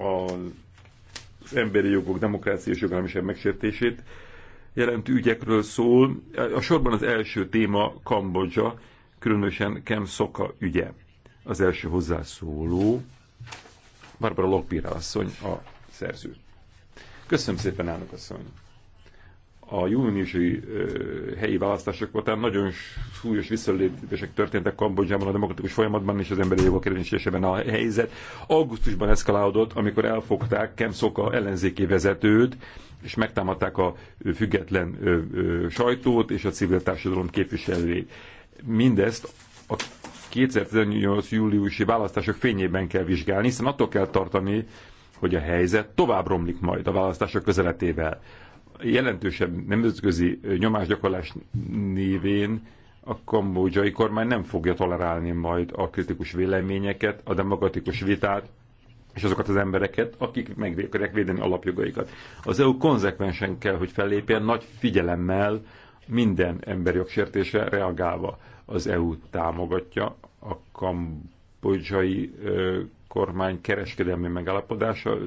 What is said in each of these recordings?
az emberi jogok, demokrácia és jogállamiság megsértését jelentő ügyekről szól. A sorban az első téma Kambodzsa, különösen Kem Szoka ügye. Az első hozzászóló Barbara Lockbír asszony a szerző. Köszönöm szépen, elnök asszony! a júniusi helyi választások után nagyon súlyos visszalépések történtek Kambodzsában a demokratikus folyamatban és az emberi jogok érvényesítésében a helyzet. Augusztusban eszkalálódott, amikor elfogták Kemszoka ellenzéki vezetőt, és megtámadták a független sajtót és a civil társadalom képviselőjét. Mindezt a 2018. júliusi választások fényében kell vizsgálni, hiszen attól kell tartani, hogy a helyzet tovább romlik majd a választások közeletével jelentősebb nemzetközi nyomásgyakorlás névén a kambodzsai kormány nem fogja tolerálni majd a kritikus véleményeket, a demokratikus vitát, és azokat az embereket, akik meg akarják védeni alapjogaikat. Az EU konzekvensen kell, hogy fellépjen nagy figyelemmel minden emberi jogsértésre reagálva. Az EU támogatja a kambodzsai kormány kereskedelmi megállapodása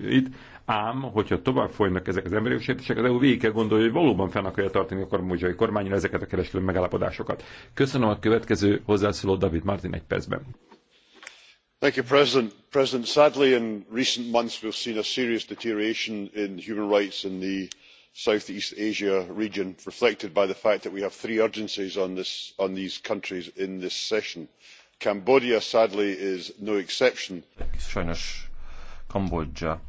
itt, ám, hogyha tovább folynak ezek az emberi jogsértések, az EU végig kell gondolja, hogy valóban fenn akarja tartani a kambozsai kormányra ezeket a kereskedelmi megállapodásokat. Köszönöm a következő hozzászóló David Martin egy percben. Thank you, President. President, sadly in recent months we've seen a serious deterioration in human rights in the southeast asia region reflected by the fact that we have three urgencies on, this, on these countries in this session cambodia sadly is no exception. sajnos kambodzsa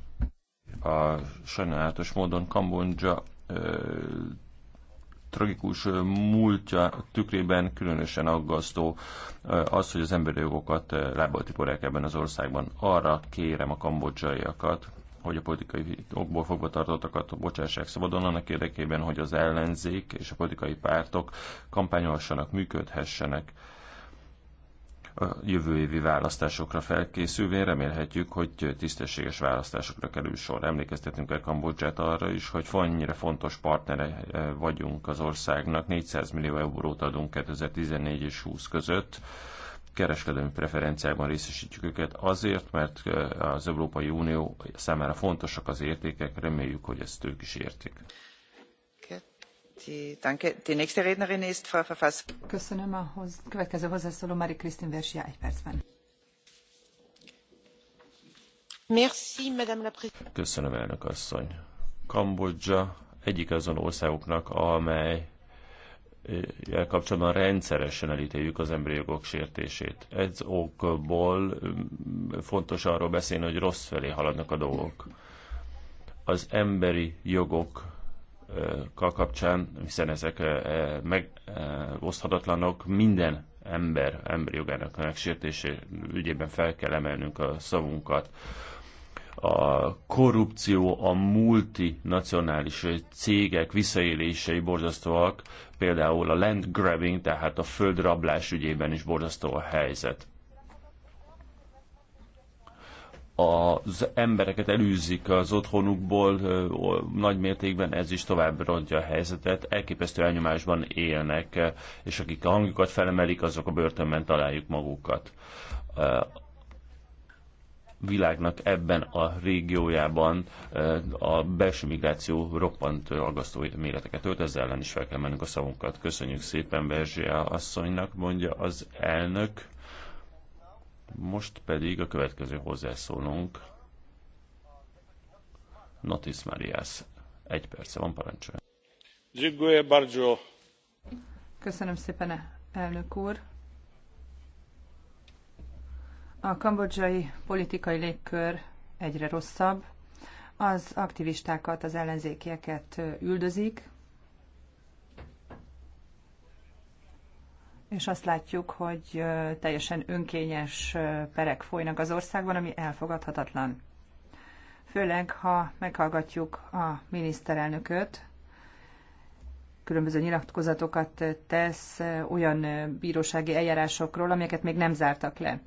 a sajnálatos módon kambodzsa tragikus múltja tükrében különösen aggasztó az, hogy az emberi jogokat lábbal tiporják ebben az országban. Arra kérem a kambodzsaiakat, hogy a politikai okból fogva tartottakat bocsássák szabadon annak érdekében, hogy az ellenzék és a politikai pártok kampányolhassanak, működhessenek a jövő évi választásokra felkészülvén remélhetjük, hogy tisztességes választásokra kerül sor. Emlékeztetünk el Kambodzsát arra is, hogy annyira fontos partnere eh, vagyunk az országnak. 400 millió eurót adunk 2014 és 20 között kereskedelmi preferenciában részesítjük őket azért, mert eh, az Európai Unió számára fontosak az értékek, reméljük, hogy ezt ők is értik. Köszönöm a Kambodzsa egyik azon országoknak, amellyel kapcsolatban rendszeresen elítéljük az emberi jogok sértését. Ez okból fontos arról beszélni, hogy rossz felé haladnak a dolgok. Az emberi jogok kapcsán, hiszen ezek megoszthatatlanok, minden ember, emberi jogának megsértése ügyében fel kell emelnünk a szavunkat. A korrupció, a multinacionális cégek visszaélései borzasztóak, például a land grabbing, tehát a földrablás ügyében is borzasztó a helyzet. az embereket elűzik az otthonukból nagy mértékben, ez is tovább rontja a helyzetet. Elképesztő elnyomásban élnek, és akik a hangjukat felemelik, azok a börtönben találjuk magukat. A világnak ebben a régiójában a belső migráció roppant aggasztó méreteket ölt, ezzel ellen is fel kell mennünk a szavunkat. Köszönjük szépen Berzsia asszonynak, mondja az elnök. Most pedig a következő hozzászólunk. Notis Marias. Egy perce van, parancsolja. Köszönöm szépen, elnök úr. A kambodzsai politikai légkör egyre rosszabb. Az aktivistákat, az ellenzékieket üldözik, és azt látjuk, hogy teljesen önkényes perek folynak az országban, ami elfogadhatatlan. Főleg, ha meghallgatjuk a miniszterelnököt, különböző nyilatkozatokat tesz olyan bírósági eljárásokról, amelyeket még nem zártak le.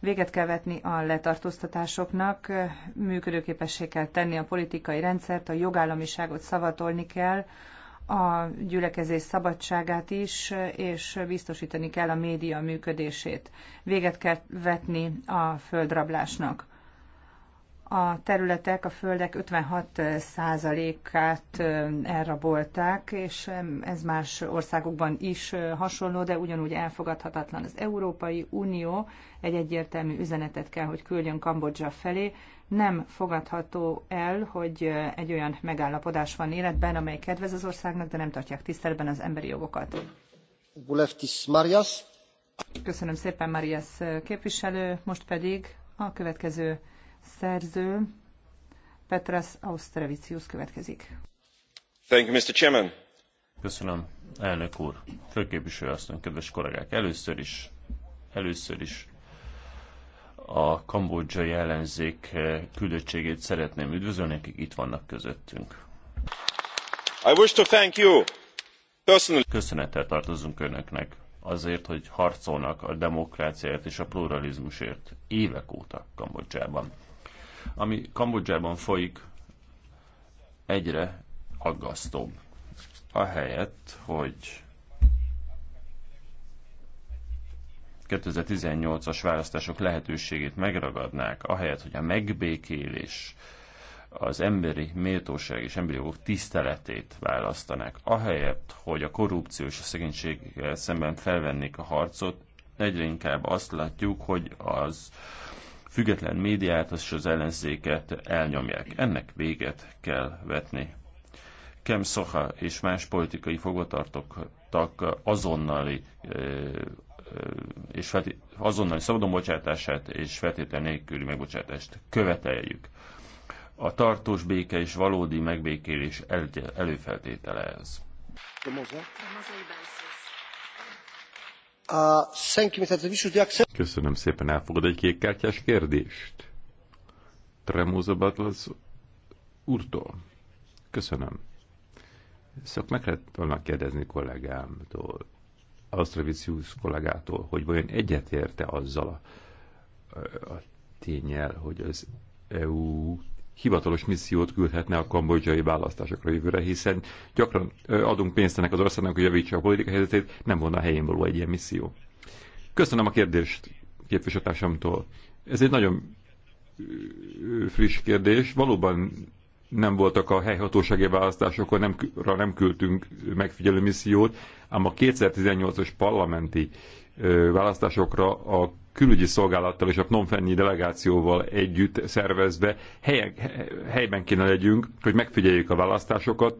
Véget kell vetni a letartóztatásoknak, működőképessé kell tenni a politikai rendszert, a jogállamiságot szavatolni kell, a gyülekezés szabadságát is, és biztosítani kell a média működését. Véget kell vetni a földrablásnak a területek, a földek 56%-át elrabolták, és ez más országokban is hasonló, de ugyanúgy elfogadhatatlan. Az Európai Unió egy egyértelmű üzenetet kell, hogy küldjön Kambodzsa felé. Nem fogadható el, hogy egy olyan megállapodás van életben, amely kedvez az országnak, de nem tartják tiszteletben az emberi jogokat. Köszönöm szépen, Marias képviselő. Most pedig a következő szerző Petras Austrevicius következik. Thank you, Mr. Chairman. Köszönöm, elnök úr, főképviselő asszony, kedves kollégák. Először is, először is a kambodzsai ellenzék eh, küldöttségét szeretném üdvözölni, akik itt vannak közöttünk. I wish to thank you personally. Köszönettel tartozunk önöknek azért, hogy harcolnak a demokráciáért és a pluralizmusért évek óta Kambodzsában ami Kambodzsában folyik, egyre aggasztóbb. Ahelyett, hogy 2018-as választások lehetőségét megragadnák, ahelyett, hogy a megbékélés, az emberi méltóság és emberi jogok tiszteletét választanák, ahelyett, hogy a korrupció és a szegénységgel szemben felvennék a harcot, egyre inkább azt látjuk, hogy az független médiát és az ellenzéket elnyomják. Ennek véget kell vetni. Kem Soha és más politikai fogvatartottak azonnali és azonnali szabadon bocsátását és feltétel nélküli megbocsátást követeljük. A tartós béke és valódi megbékélés előfeltétele ez. De Köszönöm szépen, elfogad egy kékkártyás kérdést? Tremóza Batlasz úrtól. Köszönöm. Szóval meg lehet volna kérdezni kollégámtól, Astravicius kollégától, hogy vajon egyetérte azzal a, a tényel, hogy az EU hivatalos missziót küldhetne a kambodzsai választásokra jövőre, hiszen gyakran adunk pénzt ennek az országnak, hogy javítsa a politikai helyzetét, nem volna helyén való egy ilyen misszió. Köszönöm a kérdést képviselőtársamtól. Ez egy nagyon friss kérdés. Valóban nem voltak a helyhatósági választásokon, nem, nem küldtünk megfigyelő missziót, ám a 2018 os parlamenti választásokra a külügyi szolgálattal és a Phnom delegációval együtt szervezve helyen, helyben kéne legyünk, hogy megfigyeljük a választásokat,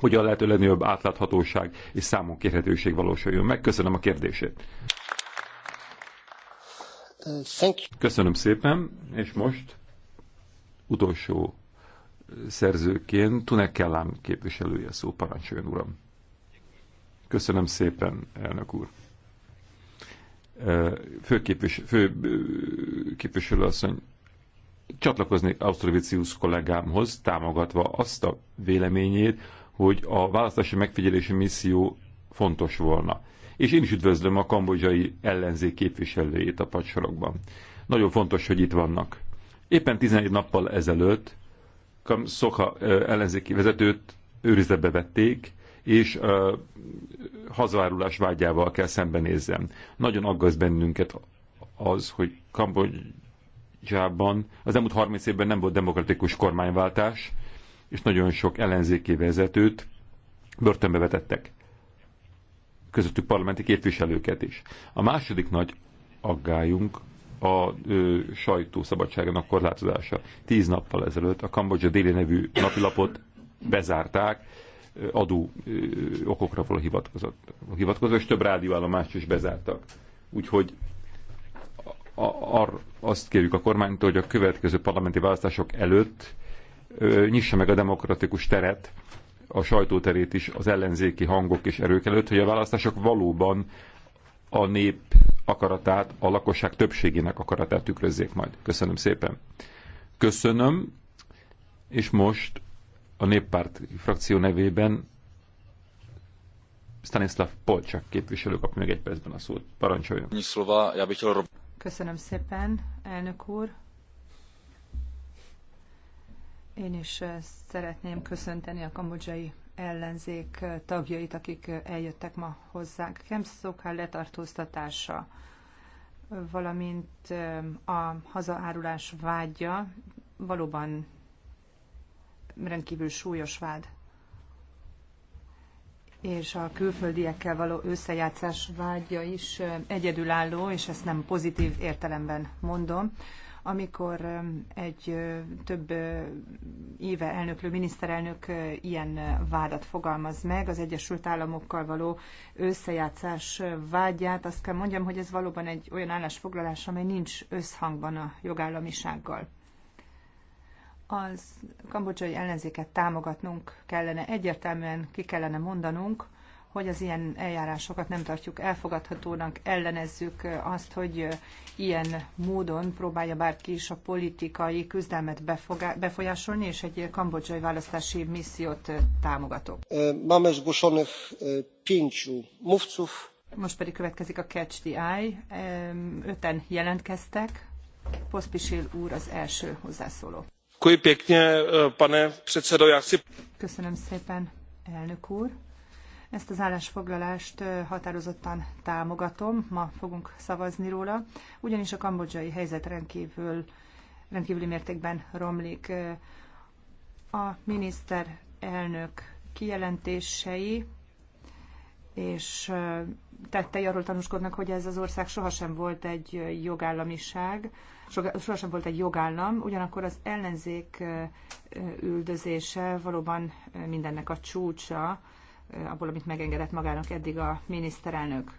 a lehető legnagyobb átláthatóság és számon kérhetőség valósuljon Megköszönöm a kérdését. Köszönöm szépen, és most utolsó szerzőként Tunek Kellám képviselője szó parancsoljon, uram. Köszönöm szépen, elnök úr. Fő főképviselő asszony csatlakozni Ausztrovicius kollégámhoz, támogatva azt a véleményét, hogy a választási megfigyelési misszió fontos volna. És én is üdvözlöm a kambodzsai ellenzék képviselőjét a pacsorokban. Nagyon fontos, hogy itt vannak. Éppen 11 nappal ezelőtt Kam Szoka ellenzéki vezetőt őrizetbe vették, és ö, hazárulás vágyával kell szembenézzem. Nagyon aggaszt bennünket az, hogy Kambodzsában az elmúlt 30 évben nem volt demokratikus kormányváltás, és nagyon sok ellenzéki vezetőt börtönbe vetettek. Közöttük parlamenti képviselőket is. A második nagy aggályunk a ö, sajtó szabadságának korlátozása. Tíz nappal ezelőtt a Kambodzsa déli nevű napilapot bezárták, adó okokra való hivatkozott, hivatkozó, és több rádióállomást is bezártak. Úgyhogy a, a, azt kérjük a kormánytól, hogy a következő parlamenti választások előtt ö, nyissa meg a demokratikus teret, a sajtóterét is az ellenzéki hangok és erők előtt, hogy a választások valóban a nép akaratát, a lakosság többségének akaratát tükrözzék majd. Köszönöm szépen. Köszönöm, és most a néppárt frakció nevében Stanislav Polcsak képviselő kap meg egy percben a szót. Parancsoljon. Köszönöm szépen, elnök úr. Én is eh, szeretném köszönteni a kambodzsai ellenzék eh, tagjait, akik eh, eljöttek ma hozzánk. Kemszokál letartóztatása, valamint a hazaárulás vágya valóban rendkívül súlyos vád. És a külföldiekkel való összejátszás vágya is egyedülálló, és ezt nem pozitív értelemben mondom. Amikor egy több éve elnöklő miniszterelnök ilyen vádat fogalmaz meg, az Egyesült Államokkal való összejátszás vágyát, azt kell mondjam, hogy ez valóban egy olyan állásfoglalás, amely nincs összhangban a jogállamisággal az kambodzsai ellenzéket támogatnunk kellene, egyértelműen ki kellene mondanunk, hogy az ilyen eljárásokat nem tartjuk elfogadhatónak, ellenezzük azt, hogy ilyen módon próbálja bárki is a politikai küzdelmet befolyásolni, és egy kambodzsai választási missziót támogatok. E, e, Most pedig következik a Catch the Eye. E, öten jelentkeztek. Poszpisil úr az első hozzászóló. Eh, pane předsedající ezt az állásfoglalást eh, határozottan támogatom ma fogunk szavazni róla ugyanis a kambodzsai helyzet rendkívül, mértékben romlik. Eh, a miniszterelnök kijelentései és tettei arról tanúskodnak hogy ez az ország sohasem volt egy jogállamiság sohasem volt egy jogállam, ugyanakkor az ellenzék üldözése valóban mindennek a csúcsa, abból, amit megengedett magának eddig a miniszterelnök.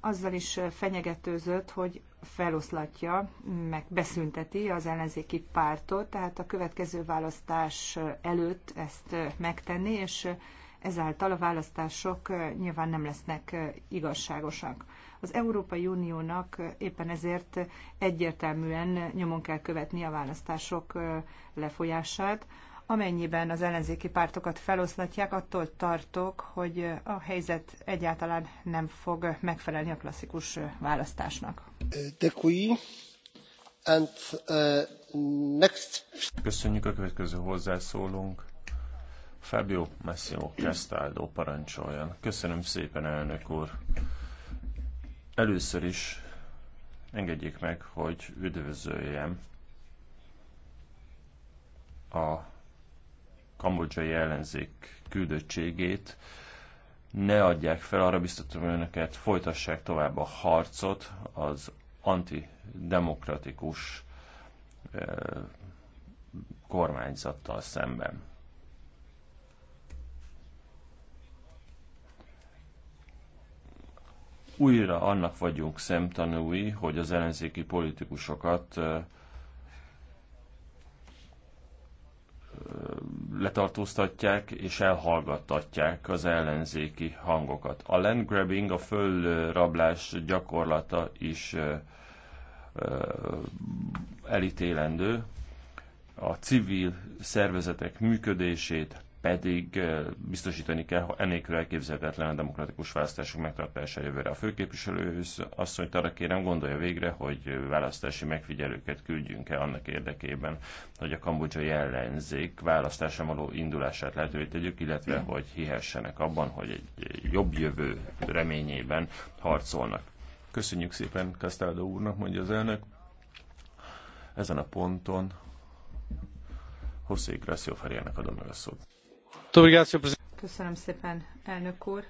Azzal is fenyegetőzött, hogy feloszlatja, meg beszünteti az ellenzéki pártot, tehát a következő választás előtt ezt megtenni, és ezáltal a választások nyilván nem lesznek igazságosak. Az Európai Uniónak éppen ezért egyértelműen nyomon kell követni a választások lefolyását. Amennyiben az ellenzéki pártokat feloszlatják, attól tartok, hogy a helyzet egyáltalán nem fog megfelelni a klasszikus választásnak. Dekui. And, uh, next. Köszönjük a következő hozzászólónk. Fábio Massimo Castaldo parancsoljon. Köszönöm szépen, elnök úr. Először is engedjék meg, hogy üdvözöljem a kambodzsai ellenzék küldöttségét. Ne adják fel, arra biztatom önöket, folytassák tovább a harcot az antidemokratikus eh, kormányzattal szemben újra annak vagyunk szemtanúi, hogy az ellenzéki politikusokat letartóztatják és elhallgattatják az ellenzéki hangokat. A grabbing, a fölrablás gyakorlata is elítélendő. A civil szervezetek működését pedig biztosítani kell enélkül elképzelhetetlen a demokratikus választások megtartása jövőre. A főképviselő mondta, arra kérem gondolja végre, hogy választási megfigyelőket küldjünk el annak érdekében, hogy a kambodzsai ellenzék választáson való indulását lehetővé tegyük, illetve hogy hihessenek abban, hogy egy jobb jövő reményében harcolnak. Köszönjük szépen Castaldo úrnak, mondja az elnök. Ezen a ponton José Ignacio Ferjának adom meg a szót. Köszönöm szépen, elnök úr.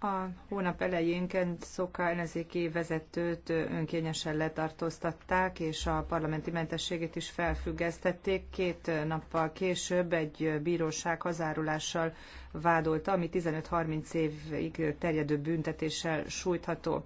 A hónap elején Kent Szoka ellenzéki vezetőt önkényesen letartóztatták, és a parlamenti mentességét is felfüggesztették. Két nappal később egy bíróság hazárulással vádolta, ami 15-30 évig terjedő büntetéssel sújtható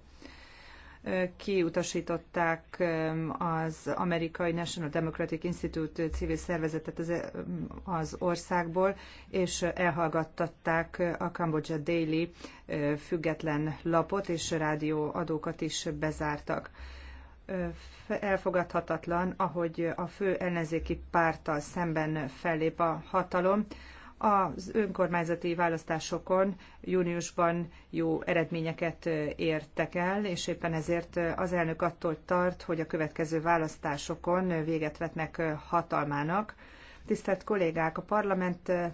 kiutasították um, az amerikai National Democratic Institute civil szervezetet az, um, az országból, és elhallgattatták a Cambodja Daily uh, független lapot, és rádióadókat is bezártak uh, elfogadhatatlan, ahogy a fő ellenzéki párttal szemben fellép a hatalom, az önkormányzati választásokon júniusban jó eredményeket értek el, és éppen ezért az elnök attól tart, hogy a következő választásokon véget vetnek hatalmának. Tisztelt kollégák, a parlamentnek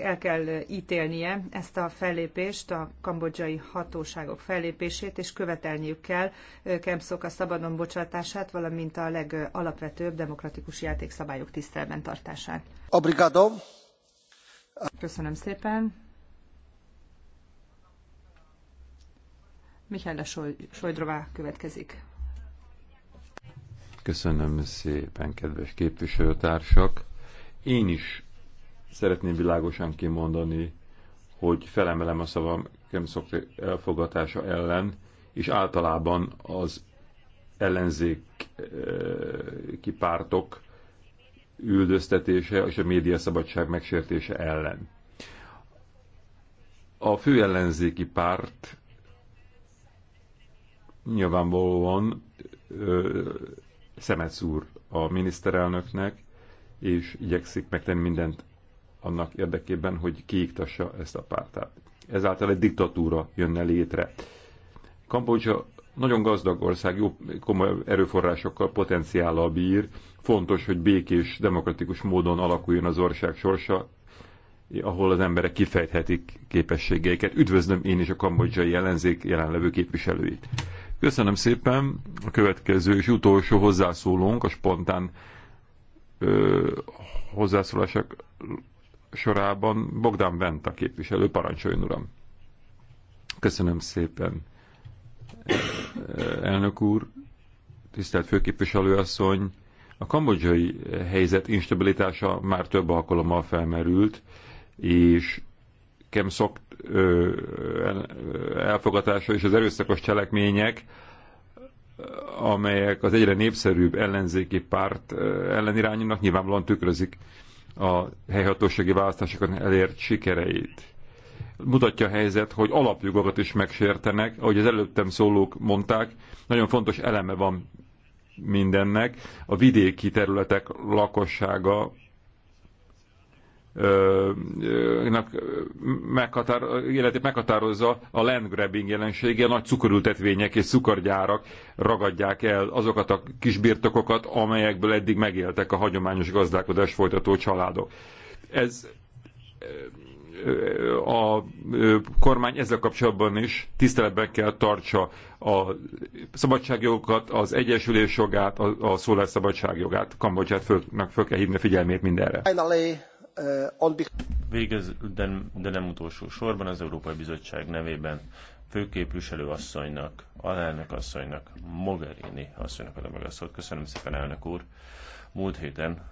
el kell ítélnie ezt a fellépést, a kambodzsai hatóságok fellépését, és követelniük kell Kemszok a szabadon bocsátását, valamint a legalapvetőbb demokratikus játékszabályok tiszteletben tartását. Obrigado. Köszönöm szépen. Mihály Sojdrová következik. Köszönöm szépen, kedves képviselőtársak. Én is szeretném világosan kimondani, hogy felemelem a szavam Kemszok elfogatása ellen, és általában az ellenzéki pártok üldöztetése és a média szabadság megsértése ellen. A fő ellenzéki párt nyilvánvalóan szemet szúr a miniszterelnöknek, és igyekszik megtenni mindent annak érdekében, hogy kiiktassa ezt a pártát. Ezáltal egy diktatúra jönne létre. Kambodzsa nagyon gazdag ország, jó komoly erőforrásokkal, potenciállal bír. Fontos, hogy békés, demokratikus módon alakuljon az ország sorsa, ahol az emberek kifejthetik képességeiket. Üdvözlöm én is a kambodzsai ellenzék jelenlevő képviselőit. Köszönöm szépen. A következő és utolsó hozzászólónk a spontán ö, hozzászólások sorában Bogdán Venta képviselő. Parancsoljon, uram! Köszönöm szépen! elnök úr, tisztelt főképviselőasszony, a kambodzsai helyzet instabilitása már több alkalommal felmerült, és Kemszok elfogatása és az erőszakos cselekmények, amelyek az egyre népszerűbb ellenzéki párt ellenirányúnak nyilvánvalóan tükrözik a helyhatósági választásokon elért sikereit mutatja a helyzet, hogy alapjogokat is megsértenek, ahogy az előttem szólók mondták, nagyon fontos eleme van mindennek. A vidéki területek lakossága meghatár, életét meghatározza a land grabbing jelensége, a nagy cukorültetvények és cukorgyárak ragadják el azokat a kisbirtokokat, amelyekből eddig megéltek a hagyományos gazdálkodás folytató családok. Ez a kormány ezzel kapcsolatban is tiszteletben kell tartsa a szabadságjogokat, az egyesülés jogát, a szólásszabadság jogát. Kambodzsát föl, föl kell hívni a figyelmét mindenre. Uh, Végez, de, de nem utolsó sorban az Európai Bizottság nevében főképviselő asszonynak, alelnök asszonynak, Mogherini asszonynak adom meg a szót. Köszönöm szépen, elnök úr. Múlt héten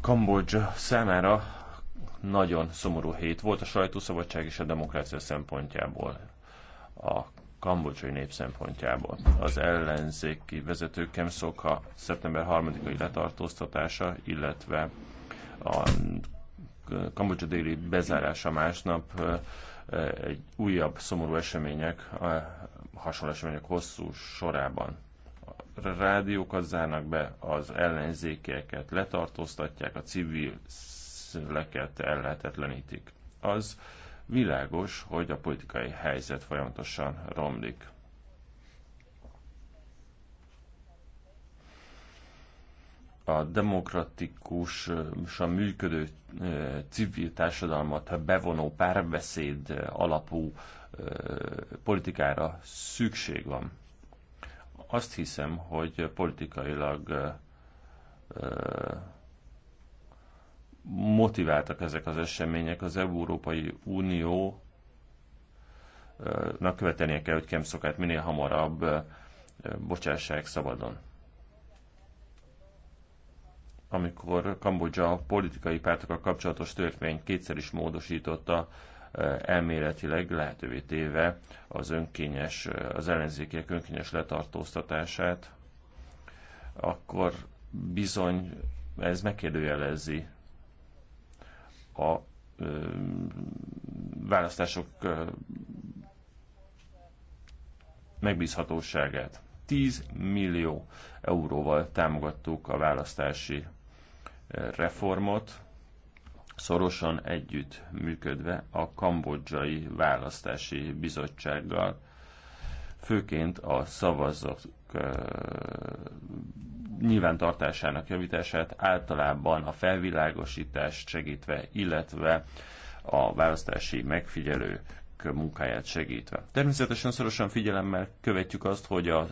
Kambodzsa számára nagyon szomorú hét volt a sajtószabadság és a demokrácia szempontjából, a kambodzsai nép szempontjából. Az ellenzéki vezetőkem Kem szeptember 3-ai letartóztatása, illetve a Kambodzsa déli bezárása másnap egy újabb szomorú események, hasonló események hosszú sorában rádiókat zárnak be, az ellenzékeket letartóztatják, a civil közszövleket ellehetetlenítik. Az világos, hogy a politikai helyzet folyamatosan romlik. a demokratikusan működő civil társadalmat bevonó párbeszéd alapú politikára szükség van. Azt hiszem, hogy politikailag motiváltak ezek az események. Az Európai Unió na követelnie kell, hogy Kemszokát minél hamarabb bocsássák szabadon. Amikor Kambodzsa politikai pártokkal kapcsolatos törvény kétszer is módosította, elméletileg lehetővé téve az önkényes, az ellenzékiek önkényes letartóztatását, akkor bizony ez megkérdőjelezi a választások megbízhatóságát. 10 millió euróval támogattuk a választási reformot, szorosan együtt működve a kambodzsai választási bizottsággal, főként a szavazat nyilvántartásának javítását általában a felvilágosítást segítve, illetve a választási megfigyelő munkáját segítve. Természetesen szorosan figyelemmel követjük azt, hogy a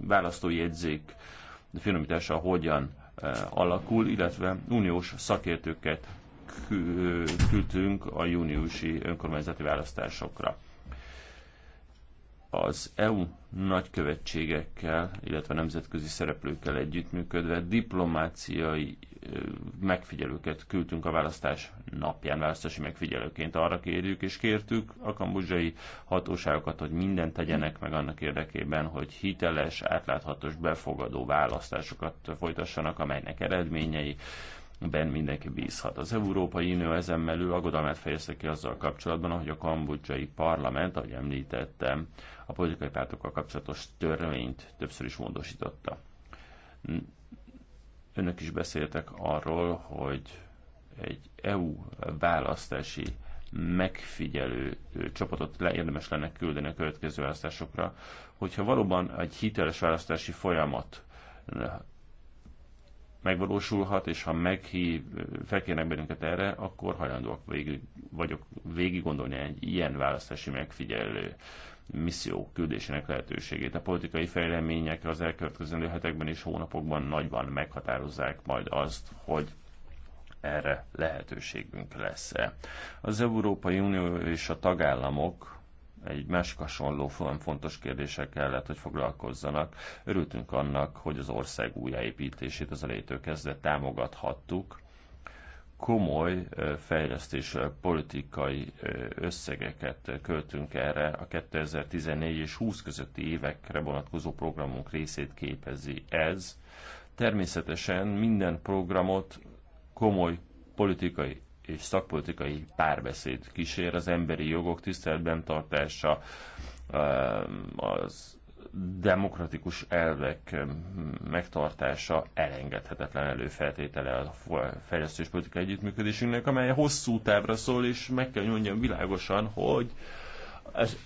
választójegyzék finomítása hogyan alakul, illetve uniós szakértőket küldtünk a júniusi önkormányzati választásokra az EU nagykövetségekkel, illetve nemzetközi szereplőkkel együttműködve diplomáciai megfigyelőket küldtünk a választás napján, választási megfigyelőként arra kérjük, és kértük a kambuzsai hatóságokat, hogy mindent tegyenek meg annak érdekében, hogy hiteles, átláthatós, befogadó választásokat folytassanak, amelynek eredményei ben mindenki bízhat. Az Európai Unió ezen mellő aggodalmát fejezte ki azzal kapcsolatban, ahogy a kambodzsai parlament, ahogy említettem, a politikai pártokkal kapcsolatos törvényt többször is módosította. Önök is beszéltek arról, hogy egy EU választási megfigyelő csapatot le, érdemes lenne küldeni a következő választásokra, hogyha valóban egy hiteles választási folyamat megvalósulhat, és ha meghív, felkérnek bennünket erre, akkor hajlandóak végig, vagyok végig gondolni egy ilyen választási megfigyelő misszió küldésének lehetőségét. A politikai fejlemények az elkövetkezendő hetekben és hónapokban nagyban meghatározzák majd azt, hogy erre lehetőségünk lesz-e. Az Európai Unió és a tagállamok egy másik hasonló fontos kérdések kellett, hogy foglalkozzanak. Örültünk annak, hogy az ország újjáépítését az elejétől kezdve támogathattuk. Komoly fejlesztés politikai összegeket költünk erre. A 2014 és 20 közötti évekre vonatkozó programunk részét képezi ez. Természetesen minden programot komoly politikai és szakpolitikai párbeszéd kísér az emberi jogok tiszteletben tartása, ehm, az demokratikus elvek ehm, megtartása elengedhetetlen előfeltétele a fejlesztős politikai együttműködésünknek, amely hosszú távra szól, és meg kell mondjam világosan, hogy az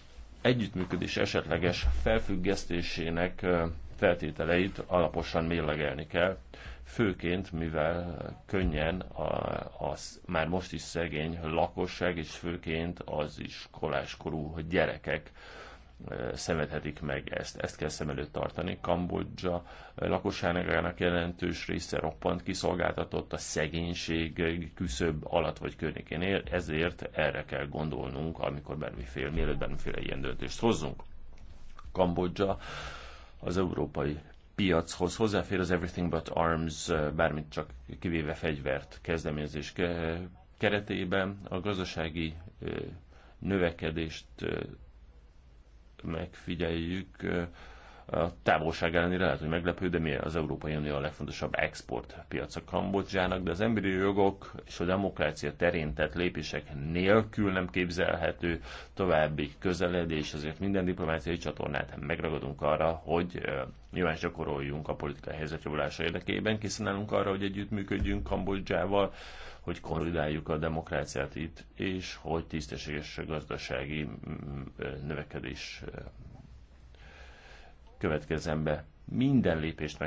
együttműködés esetleges felfüggesztésének ehm, feltételeit alaposan mérlegelni kell főként mivel könnyen a, az már most is szegény lakosság, és főként az iskoláskorú gyerekek szenvedhetik meg ezt. Ezt kell szem előtt tartani. Kambodzsa lakosságának jelentős része roppant kiszolgáltatott a szegénység küszöbb alatt vagy környékén él, ezért erre kell gondolnunk, amikor bármiféle, mielőtt bármiféle ilyen döntést hozzunk. Kambodzsa az Európai piachoz hozzáfér az Everything But Arms, bármit csak kivéve fegyvert kezdeményezés keretében a gazdasági növekedést megfigyeljük a távolság ellenére lehet, hogy meglepő, de mi az Európai Unió a legfontosabb exportpiaca Kambodzsának, de az emberi jogok és a demokrácia terén tett lépések nélkül nem képzelhető további közeledés, ezért minden diplomáciai csatornát megragadunk arra, hogy nyilván gyakoroljunk a politikai javulása érdekében, készen állunk arra, hogy együttműködjünk Kambodzsával, hogy konszolidáljuk a demokráciát itt, és hogy tisztességes gazdasági mm, mm, növekedés következzen be. Minden lépést meg